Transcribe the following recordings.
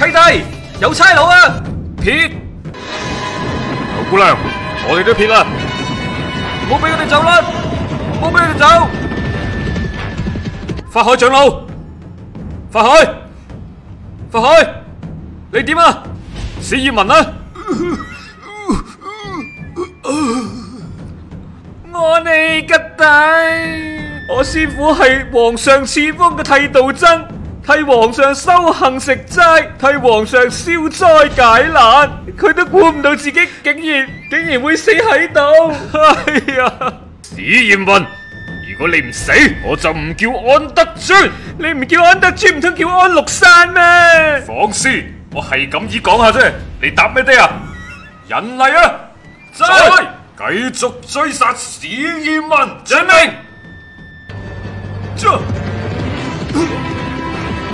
契弟，有差佬啊！撇，劉姑娘，我哋都撇啦，唔好俾佢哋走啦，唔好俾佢哋走。法海長老，法海，法海，你點啊？史艷文啊！我哋嘅弟，我師父係皇上賜封嘅剃度僧。替皇上修行食齋，替皇上消災解難，佢都估唔到自己竟然竟然會死喺度。哎呀！史艷文，如果你唔死，我就唔叫安德尊。你唔叫安德尊，唔通叫安祿山咩？放肆！我係咁意講下啫，你答咩啲啊？人嚟啊！再繼續追殺史艷文，遵命。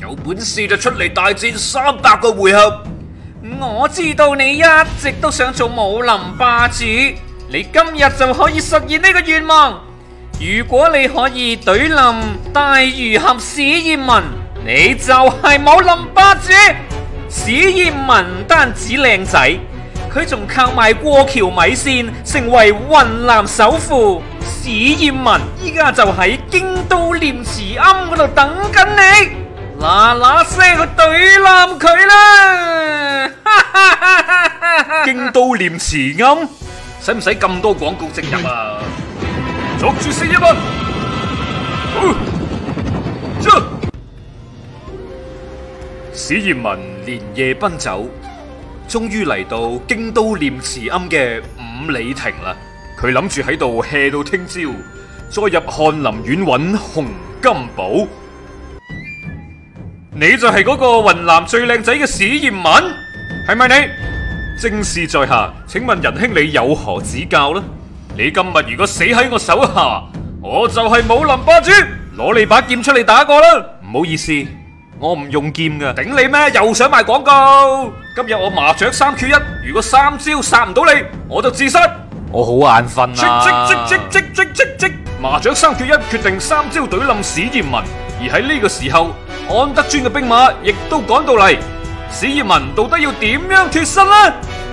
有本事就出嚟大戰三百個回合！我知道你一直都想做武林霸主，你今日就可以實現呢個願望。如果你可以懟冧大儒俠史艷文，你就係武林霸主。史艷文不單止靚仔，佢仲靠賣過橋米線成為雲南首富。史艷文依家就喺京都念慈庵嗰度等緊你。嗱嗱聲去懟爛佢啦！ 京都念慈庵，使唔使咁多廣告植入啊？捉住四一文，呃、史艷文連夜奔走，終於嚟到京都念慈庵嘅五里亭啦！佢諗住喺度 hea 到聽朝，再入翰林院揾洪金寶。你就係嗰個雲南最靚仔嘅史艷文，係咪你？正是在下，請問仁兄你有何指教呢？你今日如果死喺我手下，我就係武林霸主，攞你把劍出嚟打過啦。唔好意思，我唔用劍噶，頂你咩？又想賣廣告？今日我麻雀三缺一，如果三招殺唔到你，我就自殺。我好眼瞓啊！麻雀三缺一決定三招隊冧史艷文，而喺呢個時候。安德尊嘅兵馬亦都趕到嚟，史艷文到底要點樣脫身呢？